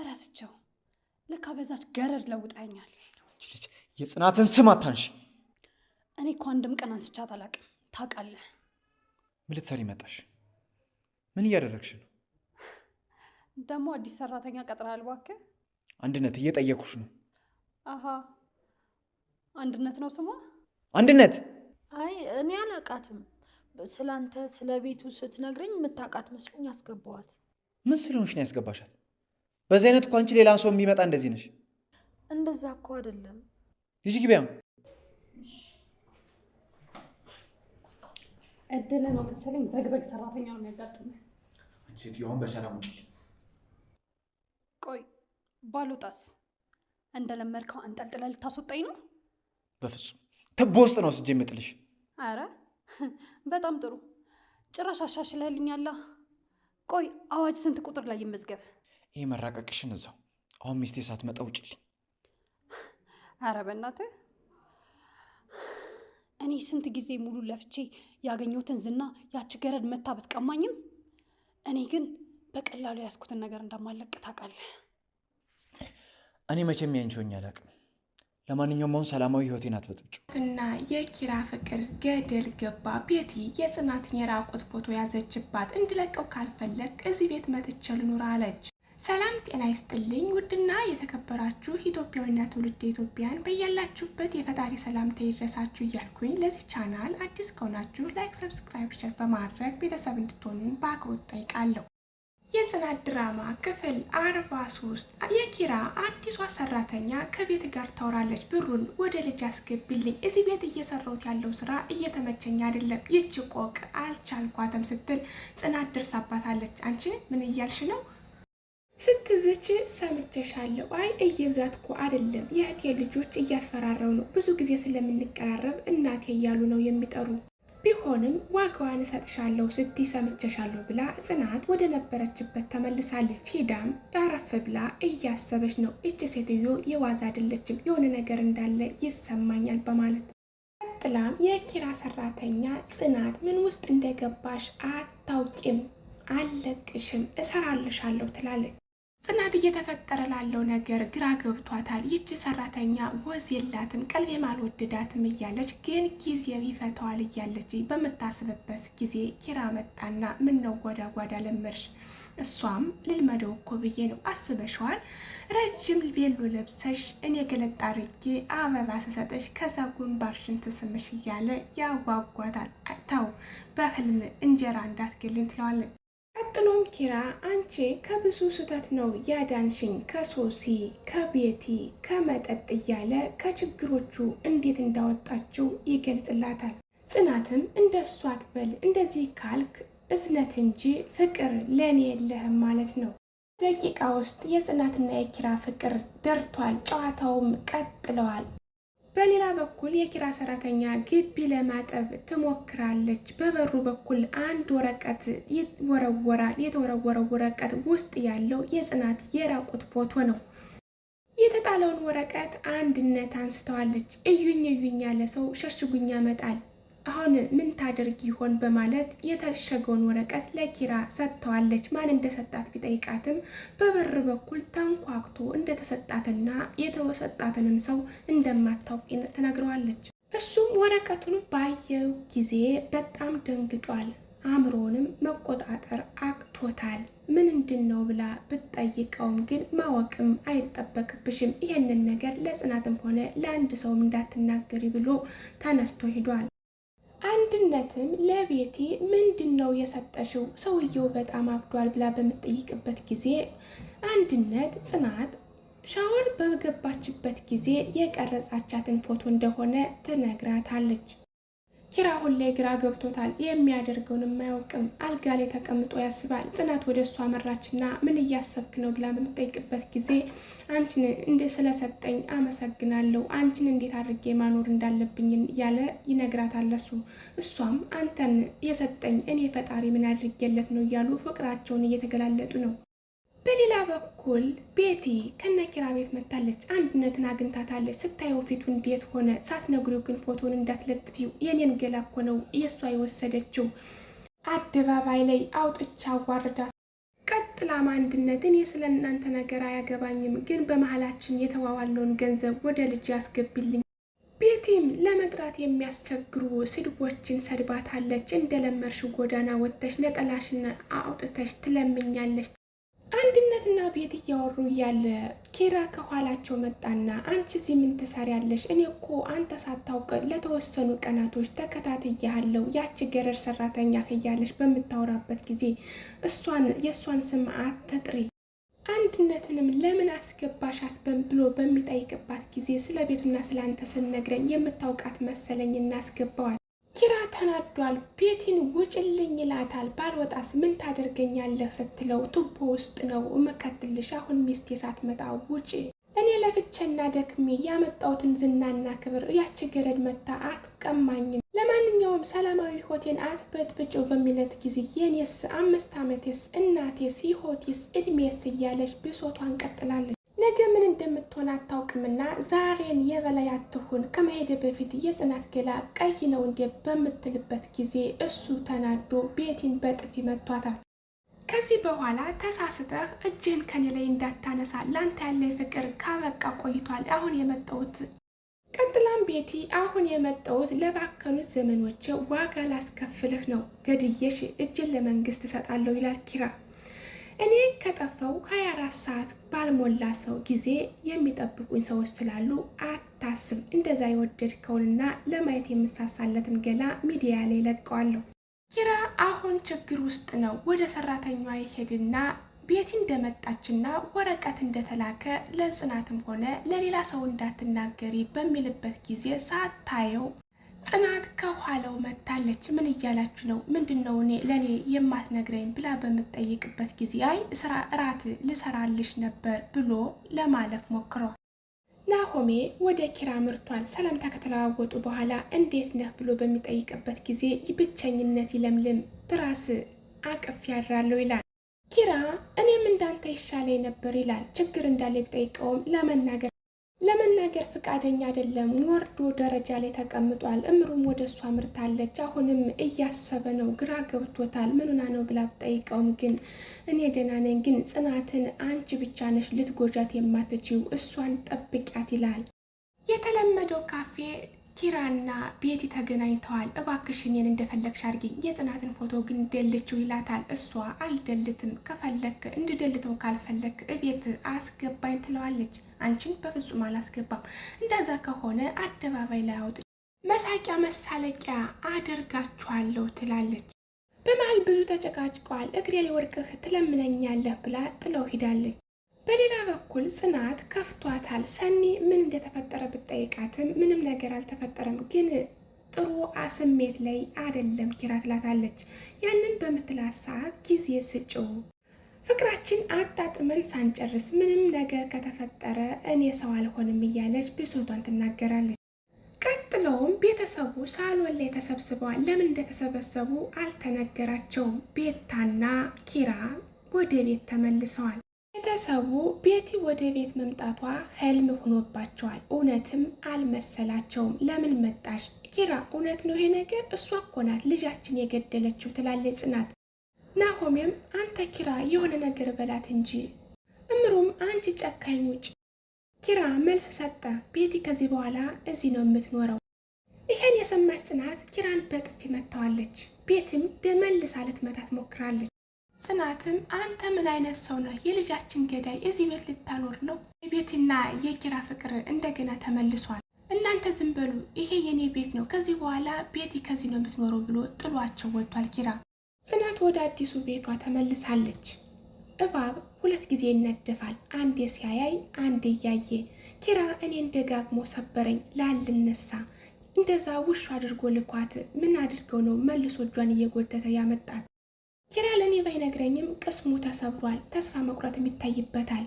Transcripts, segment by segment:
እረስቸው። ልካ በዛች ገረድ ለውጣኛል። ልጅ የጽናትን ስም አታንሽ። እኔ እኮ አንድም ቀን አንስቻት አላውቅም። ታውቃለህ። ምን ልትሰሪ መጣሽ? ምን እያደረግሽ ነው? ደግሞ አዲስ ሰራተኛ ቀጥረሃል? እባክህ አንድነት፣ እየጠየኩሽ ነው። አሀ አንድነት ነው ስሟ? አንድነት። አይ እኔ አላውቃትም። ስላንተ ስለ ቤቱ ስትነግረኝ የምታውቃት መስሎኝ አስገባዋት። ምን ስለሆንሽ ነው ያስገባሻት? በዚህ አይነት እኮ አንቺ ሌላም ሰው የሚመጣ እንደዚህ ነሽ። እንደዛ እኮ አይደለም። ይሽ ግቢያ እድል ነው መሰለኝ። በግበግ ሰራተኛ ነው የሚያጋጥመ። ሴትዮዋን በሰላም ውጭ። ቆይ ባልወጣስ? እንደለመድከው አንጠልጥለ ልታስወጣኝ ነው? በፍጹም ትቦ ውስጥ ነው ስጄ የምጥልሽ። አረ በጣም ጥሩ። ጭራሽ አሻሽለህልኛላ። ቆይ አዋጅ ስንት ቁጥር ላይ ይመዝገብ? ይህ መራቀቅሽን እዛው አሁን ሚስቴ ሳትመጣ ውጭልኝ። አረ በእናትህ እኔ ስንት ጊዜ ሙሉ ለፍቼ ያገኘሁትን ዝና ያች ገረድ መታ ብትቀማኝም እኔ ግን በቀላሉ ያስኩትን ነገር እንደማለቅ ታውቃለህ። እኔ መቼም ያንቺ አላውቅም። ለማንኛውም አሁን ሰላማዊ ህይወቴን አትበጥብጭ እና የኪራ ፍቅር ገደል ገባ። ቤቲ የጽናትን የራቁት ፎቶ ያዘችባት። እንድለቀው ካልፈለግ እዚህ ቤት መጥቼ ልኑር አለች። ሰላም ጤና ይስጥልኝ። ውድና የተከበራችሁ ኢትዮጵያዊና ትውልድ ኢትዮጵያን በያላችሁበት የፈጣሪ ሰላምታ ይድረሳችሁ እያልኩኝ ለዚህ ቻናል አዲስ ከሆናችሁ ላይክ፣ ሰብስክራይብ፣ ሸር በማድረግ ቤተሰብ እንድትሆኑኝ በአክብሮት ጠይቃለሁ። የጽናት ድራማ ክፍል አርባ ሶስት የኪራ አዲሷ ሰራተኛ ከቤት ጋር ታወራለች። ብሩን ወደ ልጅ አስገቢልኝ፣ እዚህ ቤት እየሰራሁት ያለው ስራ እየተመቸኝ አይደለም፣ ይች ቆቅ አልቻልኳትም ስትል ጽናት ደርሳባታለች። አንቺ ምን እያልሽ ነው? ስትዝች ሰምቼሻለሁ። አይ እየዛትኩ አይደለም፣ የእህቴ ልጆች እያስፈራረው ነው። ብዙ ጊዜ ስለምንቀራረብ እናቴ እያሉ ነው የሚጠሩ ቢሆንም ዋጋዋን እሰጥሻለሁ ስትይ ሰምቼሻለሁ ብላ ጽናት ወደ ነበረችበት ተመልሳለች። ሂዳም አረፍ ብላ እያሰበች ነው። እች ሴትዮ የዋዛ አይደለችም፣ የሆነ ነገር እንዳለ ይሰማኛል በማለት ቀጥላም የኪራ ሰራተኛ ጽናት ምን ውስጥ እንደገባሽ አታውቂም፣ አለቅሽም እሰራልሻለሁ ትላለች። ጽናት እየተፈጠረ ላለው ነገር ግራ ገብቷታል። ይቺ ሰራተኛ ወዝ የላትም ቀልቤም አልወደዳትም እያለች ግን ጊዜ ይፈተዋል እያለች በምታስብበት ጊዜ ኪራ መጣና ምን ነው ጓዳ ጓዳ ለመድሽ? እሷም ልልመደው እኮ ብዬ ነው አስበሸዋል። ረጅም ቬሎ ለብሰሽ እኔ ገለጥ አድርጌ አበባ ስሰጠሽ ከዛ ጉንባርሽን ትስምሽ እያለ ያጓጓታል። ተው በህልም እንጀራ እንዳትገልኝ ትለዋለን። ቀጥሎም ኪራ አንቺ ከብዙ ስህተት ነው ያዳንሽኝ፣ ከሶሲ ከቤቲ ከመጠጥ እያለ ከችግሮቹ እንዴት እንዳወጣችው ይገልጽላታል። ጽናትም እንደ አትበል፣ እንደዚህ ካልክ እዝነት እንጂ ፍቅር ለእኔ የለህም ማለት ነው። ደቂቃ ውስጥ የጽናትና የኪራ ፍቅር ደርቷል። ጨዋታውም ቀጥለዋል። በሌላ በኩል የኪራ ሰራተኛ ግቢ ለማጠብ ትሞክራለች። በበሩ በኩል አንድ ወረቀት ይወረወራል። የተወረወረው ወረቀት ውስጥ ያለው የጽናት የራቁት ፎቶ ነው። የተጣለውን ወረቀት አንድነት አንስተዋለች። እዩኝ እዩኝ ያለ ሰው ሸሽጉኝ ያመጣል። አሁን ምን ታደርግ ይሆን በማለት የታሸገውን ወረቀት ለኪራ ሰጥተዋለች። ማን እንደሰጣት ቢጠይቃትም በበር በኩል ተንኳክቶ እንደተሰጣትና የተሰጣትንም ሰው እንደማታውቅ ተናግረዋለች። እሱም ወረቀቱን ባየው ጊዜ በጣም ደንግጧል። አምሮንም መቆጣጠር አቅቶታል። ምንድን ነው ብላ ብትጠይቀውም ግን ማወቅም አይጠበቅብሽም ይሄንን ነገር ለጽናትም ሆነ ለአንድ ሰውም እንዳትናገሪ ብሎ ተነስቶ ሂዷል። አንድነትም ለቤቴ ምንድን ነው የሰጠሽው ሰውየው በጣም አብዷል ብላ በምትጠይቅበት ጊዜ አንድነት ጽናት ሻወር በገባችበት ጊዜ የቀረጻቻትን ፎቶ እንደሆነ ትነግራታለች። ኪራ አሁን ላይ ግራ ገብቶታል። የሚያደርገውንም አያውቅም። አልጋ ላይ ተቀምጦ ያስባል። ጽናት ወደ እሱ አመራችና ምን እያሰብክ ነው ብላ በምጠይቅበት ጊዜ አንቺን እንደ ስለሰጠኝ አመሰግናለሁ፣ አንቺን እንዴት አድርጌ ማኖር እንዳለብኝ ያለ ይነግራታል እሱ እሷም አንተን የሰጠኝ እኔ ፈጣሪ ምን አድርጌለት ነው እያሉ ፍቅራቸውን እየተገላለጡ ነው። በሌላ በኩል ቤቲ ከነኪራ ቤት መታለች። አንድነትን አግኝታታለች። ስታየው ፊቱ እንዴት ሆነ ሳትነግሪው ግን ፎቶን እንዳትለጥፊው የኔን ገላ እኮ ነው የእሷ የወሰደችው። አደባባይ ላይ አውጥቻ አዋርዳት። ቀጥላም አንድነትን የስለ እናንተ ነገር አያገባኝም፣ ግን በመሀላችን የተዋዋለውን ገንዘብ ወደ ልጅ ያስገቢልኝ። ቤቲም ለመጥራት የሚያስቸግሩ ስድቦችን ሰድባታለች። ለመርሽ ጎዳና ወጥተሽ ነጠላሽን አውጥተሽ ትለምኛለች። አንድነትና ቤት እያወሩ እያለ ኬራ ከኋላቸው መጣና አንቺ እዚህ ምን ትሰሪያለሽ? እኔ እኮ አንተ ሳታውቅ ለተወሰኑ ቀናቶች ተከታትያለሁ። ያቺ ገረድ ሰራተኛ እያለሽ በምታወራበት ጊዜ እሷን የእሷን ስም አትጥሪ፣ አንድነትንም ለምን አስገባሻት ብሎ በሚጠይቅባት ጊዜ ስለ ቤቱና ስለ አንተ ስነግረኝ የምታውቃት መሰለኝ እናስገባዋል ኪራ ተናዷል። ቤቲን ውጭልኝ ይላታል። ባልወጣስ ምን ታደርገኛለህ ስትለው ቱቦ ውስጥ ነው እምከትልሽ፣ አሁን ሚስቴ ሳትመጣ ውጪ እኔ ለፍቼና ደክሜ ያመጣሁትን ዝናና ክብር እያች ገረድ መታ አትቀማኝም። ለማንኛውም ሰላማዊ ሆቴን አትበጥብጮ በሚለት ጊዜ የኔስ አምስት ዓመቴስ እናቴስ ይሆቴስ እድሜስ እያለች ብሶቷን ቀጥላለች። ነገ ምን እንደምትሆን አታውቅምና ዛሬን የበላይ አትሁን። ከመሄደ በፊት የጽናት ገላ ቀይ ነው እንዴ በምትልበት ጊዜ እሱ ተናዶ ቤቲን በጥፊ መቷታል። ከዚህ በኋላ ተሳስተህ እጅህን ከኔ ላይ እንዳታነሳ፣ ላንተ ያለ ፍቅር ካበቃ ቆይቷል። አሁን የመጣሁት ቀጥላም ቤቲ አሁን የመጣሁት ለባከኑት ዘመኖቼ ዋጋ ላስከፍልህ ነው፣ ገድየሽ እጅን ለመንግስት እሰጣለሁ ይላል ኪራ እኔ ከጠፋው 24 ሰዓት ባልሞላ ሰው ጊዜ የሚጠብቁኝ ሰዎች ስላሉ አታስብ። እንደዛ የወደድከውንና ለማየት የምሳሳለትን ገላ ሚዲያ ላይ ለቀዋለሁ። ኪራ አሁን ችግር ውስጥ ነው። ወደ ሰራተኛዋ ይሄድና ቤቲ እንደመጣችና ወረቀት እንደተላከ ለጽናትም ሆነ ለሌላ ሰው እንዳትናገሪ በሚልበት ጊዜ ሳታየው ጽናት ከኋላው መታለች። ምን እያላችሁ ነው? ምንድን ነው እኔ ለእኔ የማትነግረኝ ብላ በምጠይቅበት ጊዜ አይ ስራ እራት ልሰራልሽ ነበር ብሎ ለማለፍ ሞክሯል። ናሆሜ ወደ ኪራ ምርቷን ሰላምታ ከተለዋወጡ በኋላ እንዴት ነህ ብሎ በሚጠይቅበት ጊዜ ብቸኝነት ይለምልም ትራስ አቅፍ ያድራለሁ ይላል። ኪራ እኔም እንዳንተ ይሻለኝ ነበር ይላል። ችግር እንዳለ ቢጠይቀውም ለመናገር ለመናገር ፍቃደኛ አይደለም። ወርዶ ደረጃ ላይ ተቀምጧል። እምሩም ወደ እሷ አምርታለች። አሁንም እያሰበ ነው፣ ግራ ገብቶታል። ምኑና ነው ብላ ብጠይቀውም ግን እኔ ደህና ነኝ፣ ግን ጽናትን አንቺ ብቻ ነሽ ልትጎጃት የማትችው እሷን ጠብቂያት ይላል። የተለመደው ካፌ ኪራና ቤቲ ተገናኝተዋል። እባክሽን እኔን እንደፈለግሽ አድርጊኝ የጽናትን ፎቶ ግን ደልችው ይላታል። እሷ አልደልትም፣ ከፈለክ እንድደልተው ካልፈለክ እቤት አስገባኝ ትለዋለች። አንቺን በፍጹም አላስገባም። እንደዛ ከሆነ አደባባይ ላይ አውጥ መሳቂያ መሳለቂያ አደርጋችኋለሁ ትላለች። በመሀል ብዙ ተጨቃጭቀዋል እግሬ ላይ ወድቀህ ትለምነኛለህ ብላ ጥለው ሂዳለች። በሌላ በኩል ጽናት ከፍቷታል። ሰኒ ምን እንደተፈጠረ ብትጠይቃትም ምንም ነገር አልተፈጠረም፣ ግን ጥሩ ስሜት ላይ አደለም ኪራ ትላታለች። ያንን በምትላት ሰዓት ጊዜ ስጭው ፍቅራችን አጣጥመን ሳንጨርስ ምንም ነገር ከተፈጠረ እኔ ሰው አልሆንም እያለች ብሶቷን ትናገራለች። ቀጥለውም ቤተሰቡ ሳሎን ላይ ተሰብስበዋል። ለምን እንደተሰበሰቡ አልተነገራቸውም። ቤታና ኪራ ወደ ቤት ተመልሰዋል። ቤተሰቡ ቤቲ ወደ ቤት መምጣቷ ህልም ሆኖባቸዋል። እውነትም አልመሰላቸውም። ለምን መጣሽ ኪራ? እውነት ነው ይሄ ነገር? እሷ እኮ ናት ልጃችን የገደለችው ትላለች ጽናት ናሆሜም አንተ ኪራ የሆነ ነገር በላት እንጂ እምሩም አንቺ ጨካኝ ውጭ። ኪራ መልስ ሰጠ። ቤቲ ከዚህ በኋላ እዚህ ነው የምትኖረው። ይሄን የሰማች ጽናት ኪራን በጥፊ መታዋለች። ቤትም ደመልሳ ልትመታት ሞክራለች። ጽናትም አንተ ምን አይነት ሰው ነው? የልጃችን ገዳይ እዚህ ቤት ልታኖር ነው? የቤትና የኪራ ፍቅር እንደገና ተመልሷል። እናንተ ዝም በሉ፣ ይሄ የኔ ቤት ነው፣ ከዚህ በኋላ ቤቲ ከዚህ ነው የምትኖረው ብሎ ጥሏቸው ወጥቷል ኪራ ጽናት ወደ አዲሱ ቤቷ ተመልሳለች። እባብ ሁለት ጊዜ ይነደፋል፣ አንዴ ሲያያይ፣ አንዴ እያየ። ኪራ እኔን ደጋግሞ ሰበረኝ ላልነሳ እንደዛ ውሹ አድርጎ ልኳት ምን አድርገው ነው መልሶ እጇን እየጎተተ ያመጣት? ኪራ ለእኔ ባይነግረኝም ቅስሙ ተሰብሯል፣ ተስፋ መቁረጥም ይታይበታል።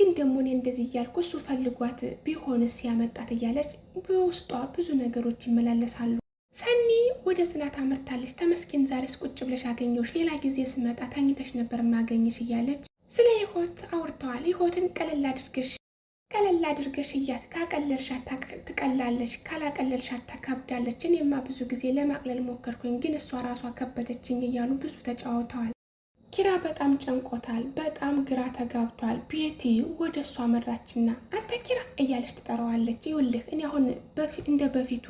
ግን ደግሞ እኔ እንደዚህ እያልኩ እሱ ፈልጓት ቢሆንስ ያመጣት እያለች በውስጧ ብዙ ነገሮች ይመላለሳሉ። ሰኒ ወደ ጽናት አመርታለች። ተመስገን ዛሬስ ቁጭ ብለሽ አገኘሁሽ፣ ሌላ ጊዜ ስመጣ ታኝተሽ ነበር ማገኘሽ እያለች ስለ ህይወት አውርተዋል። ህይወትን ቀለል አድርገሽ ቀለል አድርገሽ እያት ካቀለልሻት ትቀላለች፣ ካላቀለልሻት ታካብዳለች። እኔማ ብዙ ጊዜ ለማቅለል ሞከርኩኝ፣ ግን እሷ ራሷ ከበደችኝ እያሉ ብዙ ተጫውተዋል። ኪራ በጣም ጨንቆታል። በጣም ግራ ተጋብቷል። ቤቲ ወደ እሷ መራችና አንተ ኪራ እያለች ትጠራዋለች። ይኸውልህ እኔ አሁን እንደ በፊቱ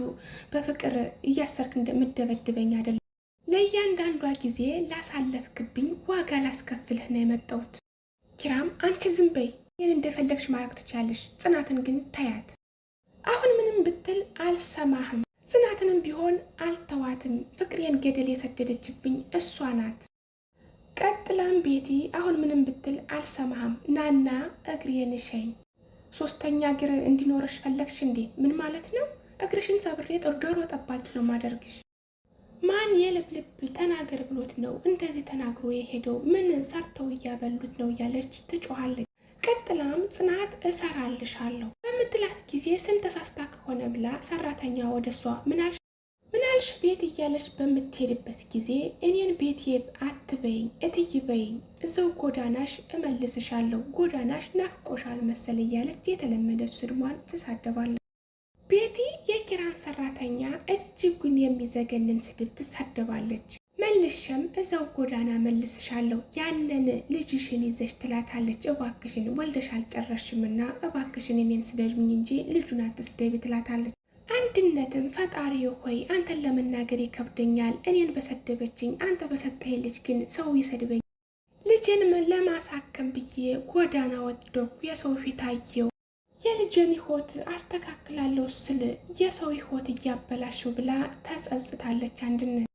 በፍቅር እያሰርክ እንደምደበድበኝ አይደለም። ለእያንዳንዷ ጊዜ ላሳለፍክብኝ ዋጋ ላስከፍልህ ነው የመጣሁት። ኪራም አንቺ ዝም በይ፣ ይህን እንደፈለግሽ ማድረግ ትቻለሽ፣ ጽናትን ግን ታያት። አሁን ምንም ብትል አልሰማህም። ጽናትንም ቢሆን አልተዋትም። ፍቅሬን ገደል የሰደደችብኝ እሷ ናት። ቀጥላም ቤቲ አሁን ምንም ብትል አልሰማህም፣ ናና እግሬን የንሸኝ ሶስተኛ እግር እንዲኖረሽ ፈለግሽ እንዴ? ምን ማለት ነው? እግርሽን ሰብሬ ዶሮ ጠባቂ ነው ማደርግሽ። ማን የልብልብ ተናገር ብሎት ነው እንደዚህ ተናግሮ የሄደው? ምን ሰርተው እያበሉት ነው? እያለች ትጮኋለች። ቀጥላም ጽናት እሰራልሻለሁ በምትላት ጊዜ ስም ተሳስታ ከሆነ ብላ ሰራተኛ ወደ እሷ ምናልሽ ምናልሽ ቤት እያለች በምትሄድበት ጊዜ እኔን ቤቴ አትበይኝ እትይ በይኝ እዘው ጎዳናሽ እመልስሻለሁ ጎዳናሽ ናፍቆሻል መሰል እያለች የተለመደች ስድሟን ትሳደባለች። ቤቲ የኪራን ሰራተኛ እጅጉን የሚዘገንን ስድብ ትሳደባለች። መልሸም እዛው ጎዳና መልስሻለሁ ያንን ልጅሽን ይዘሽ ትላታለች። እባክሽን ወልደሽ አልጨረሽምና እባክሽን እኔን ስደጅኝ እንጂ ልጁን አትስደቢ ትላታለች። ውድነትም ፈጣሪ ሆይ አንተን ለመናገር ይከብደኛል። እኔን በሰደበችኝ፣ አንተ በሰጠኝ ልጅ ግን ሰው ይሰድበኝ። ልጄን ለማሳከም ብዬ ጎዳና ወደኩ፣ የሰው ፊት አየው። የልጄን ሕይወት አስተካክላለሁ ስል የሰው ይሆት እያበላሽው ብላ ተጸጽታለች አንድነት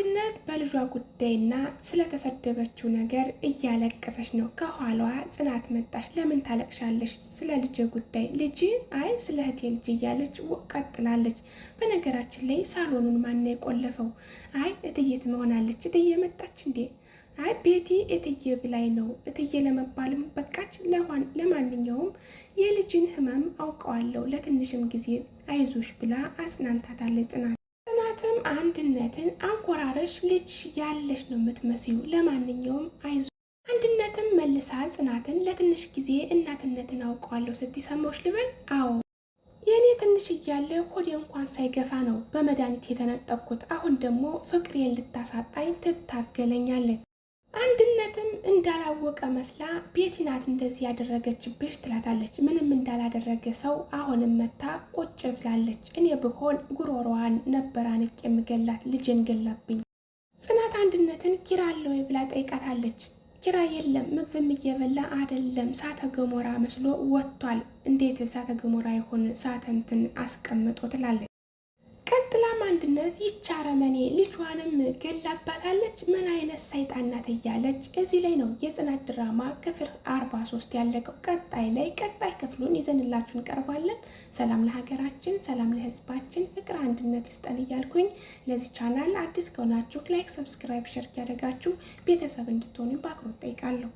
አንድነት በልጇ ጉዳይና ስለተሰደበችው ነገር እያለቀሰች ነው። ከኋላዋ ጽናት መጣች። ለምን ታለቅሻለሽ? ስለ ልጅ ጉዳይ ልጅ አይ ስለ እህቴ ልጅ እያለች ቀጥላለች። በነገራችን ላይ ሳሎኑን ማና የቆለፈው? አይ እትዬት መሆናለች። እትዬ መጣች እንዴ? አይ ቤቲ እትዬ ብላይ ነው። እትዬ ለመባልም በቃች። ለማንኛውም የልጅን ህመም አውቀዋለሁ ለትንሽም ጊዜ አይዞሽ ብላ አጽናንታታለች ጽናት ጽናትም አንድነትን አቆራረሽ ልጅ ያለሽ ነው የምትመስዩ። ለማንኛውም አይዞ አንድነትም መልሳ ጽናትን ለትንሽ ጊዜ እናትነትን አውቀዋለሁ ስትሰማዎች ልበል? አዎ የእኔ ትንሽ እያለ ሆዴ እንኳን ሳይገፋ ነው በመድኃኒት የተነጠቅኩት። አሁን ደግሞ ፍቅሬን ልታሳጣኝ ትታገለኛለች። እንዳላወቀ መስላ ቤቲ ናት እንደዚህ ያደረገችብሽ ትላታለች። ምንም እንዳላደረገ ሰው አሁንም መታ ቁጭ ብላለች። እኔ ብሆን ጉሮሮዋን ነበር አንቄ የምገላት፣ ልጅን ገላብኝ። ጽናት አንድነትን ኪራ አለ ወይ ብላ ጠይቃታለች። ኪራ የለም ምግብም እየበላ አደለም፣ ሳተ ገሞራ መስሎ ወጥቷል። እንዴት ሳተ ገሞራ ይሆን ሳተንትን አስቀምጦ ትላለች። ቀጥላ በአንድነት ይች አረመኔ ልጇንም ገላባታለች። ምን አይነት ሰይጣን ናት እያለች እዚህ ላይ ነው የጽናት ድራማ ክፍል አርባ ሶስት ያለቀው። ቀጣይ ላይ ቀጣይ ክፍሉን ይዘንላችሁ እንቀርባለን። ሰላም ለሀገራችን፣ ሰላም ለህዝባችን ፍቅር አንድነት ይስጠን እያልኩኝ ለዚህ ቻናል አዲስ ከሆናችሁ ላይክ፣ ሰብስክራይብ፣ ሸር ያደረጋችሁ ቤተሰብ እንድትሆኑ በአክብሮት ጠይቃለሁ።